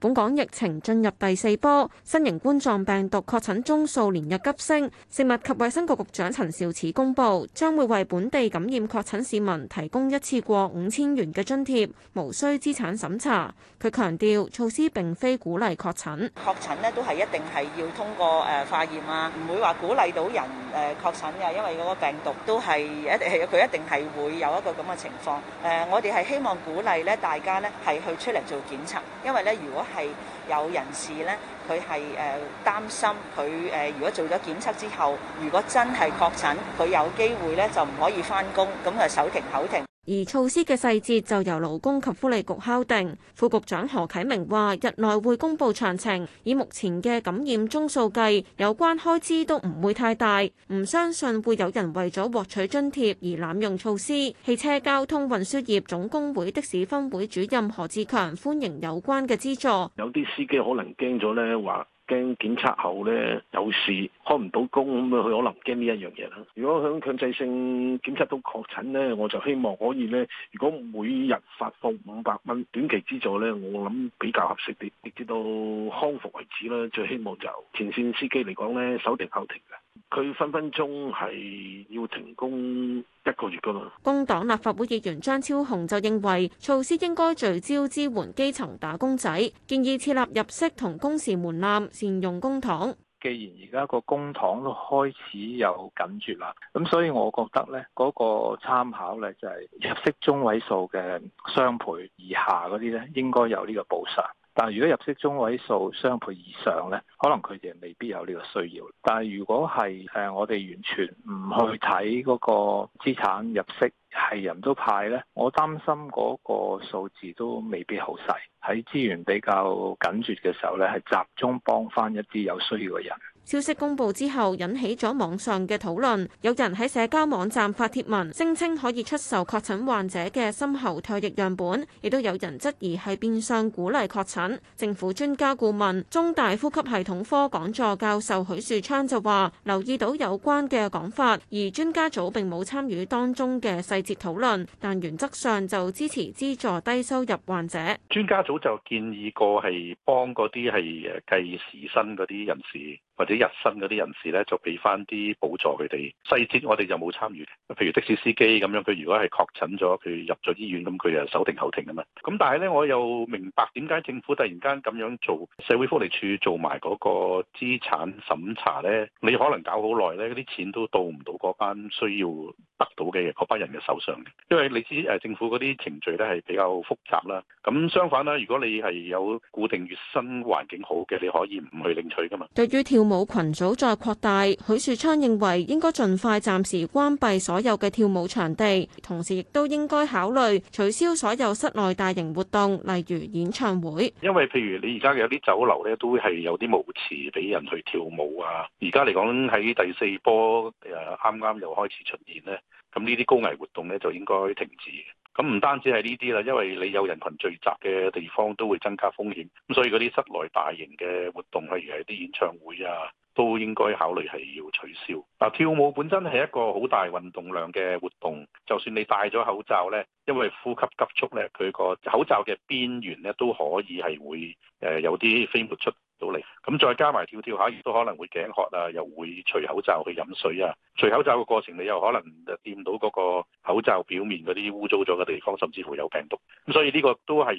本港疫情進入第四波，新型冠狀病毒確診宗數連日急升。食物及衛生局局長陳肇始公布，將會為本地感染確診市民提供一次過五千元嘅津貼，無需資產審查。佢強調，措施並非鼓勵確診，確診咧都係一定係要通過誒化驗啊，唔會話鼓勵到人誒確診㗎，因為嗰個病毒都係一定係佢一定係會有一個咁嘅情況。誒，我哋係希望鼓勵咧大家咧係去出嚟做檢查，因為咧如果係有人士咧，佢係誒擔心佢誒、呃，如果做咗檢測之後，如果真係確診，佢有機會咧就唔可以返工，咁啊手停口停。而措施嘅細節就由勞工及福利局敲定。副局長何啟明話日內會公布詳情。以目前嘅感染宗數計有關開支都唔會太大。唔相信會有人為咗獲取津貼而濫用措施。汽車交通運輸業總工會的士分會主任何志強歡迎有關嘅資助。有啲司機可能驚咗咧，話。驚檢測後咧有事開唔到工咁啊，佢可能驚呢一樣嘢啦。如果響強制性檢測到確診咧，我就希望可以咧，如果每日發放五百蚊短期資助咧，我諗比較合適啲，直至到康復為止啦。最希望就前線司機嚟講咧，手停口停佢分分鐘係要停工一個月噶嘛。工黨立法會議員張超雄就認為措施應該聚焦支援基層打工仔，建議設立入息同工時門檻，善用公帑。既然而家個公帑都開始有緊絀啦，咁所以我覺得咧，嗰個參考咧就係入息中位數嘅雙倍以下嗰啲咧，應該有呢個補償。但係如果入息中位數雙倍以上呢，可能佢哋未必有呢個需要。但係如果係誒我哋完全唔去睇嗰個資產入息係人都派呢，我擔心嗰個數字都未必好細。喺資源比較緊絀嘅時候呢，係集中幫返一啲有需要嘅人。消息公布之後引起咗網上嘅討論，有人喺社交網站發帖文，聲稱可以出售確診患者嘅深喉唾液樣本，亦都有人質疑係變相鼓勵確診，政府專家顧問中大呼吸系統科講座教授許樹昌就話留意到有關嘅講法，而專家組並冇參與當中嘅細節討論，但原則上就支持資助低收入患者。專家組就建議過，係幫嗰啲係誒計時薪嗰啲人士。或者日薪嗰啲人士呢，就俾翻啲補助佢哋。細節我哋就冇參與。譬如的士司機咁樣，佢如果係確診咗，佢入咗醫院，咁佢就手停口停嘅嘛。咁但係呢，我又明白點解政府突然間咁樣做，社會福利署做埋嗰個資產審查呢。你可能搞好耐呢，啲錢都到唔到嗰班需要。得到嘅嘢，嗰班人嘅手上嘅，因為你知誒政府嗰啲程序咧，係比較複雜啦。咁相反啦，如果你係有固定月薪，環境好嘅，你可以唔去領取噶嘛。對於跳舞群組再擴大，許樹昌認為應該盡快暫時關閉所有嘅跳舞場地，同時亦都應該考慮取消所有室內大型活動，例如演唱會，因為譬如你而家有啲酒樓咧，都係有啲舞池俾人去跳舞啊。而家嚟講喺第四波誒啱啱又開始出現咧。咁呢啲高危活動呢，就應該停止。咁唔單止係呢啲啦，因為你有人群聚集嘅地方都會增加風險。咁所以嗰啲室內大型嘅活動，例如係啲演唱會啊，都應該考慮係要取消。嗱、啊，跳舞本身係一個好大運動量嘅活動，就算你戴咗口罩呢，因為呼吸急促呢，佢個口罩嘅邊緣呢都可以係會誒有啲飛沫出。咁再加埋跳跳下，亦都可能會頸渴啊，又會除口罩去飲水啊，除口罩嘅過程你又可能掂到嗰個口。教表面嗰啲污糟咗嘅地方，甚至乎有病毒，咁所以呢個都係誒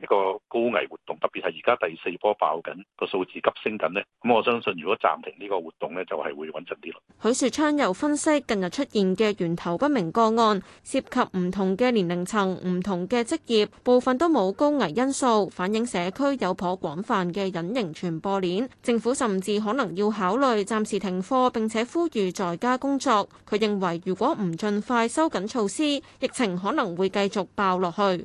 一個高危活動，特別係而家第四波爆緊個數字急升緊咧，咁我相信如果暫停呢個活動咧，就係會穩陣啲咯。許樹昌又分析近日出現嘅源頭不明個案，涉及唔同嘅年齡層、唔同嘅職業，部分都冇高危因素，反映社區有頗廣泛嘅隱形傳播鏈。政府甚至可能要考慮暫時停課，並且呼籲在家工作。佢認為如果唔盡快收緊，措施，疫情可能會繼續爆落去。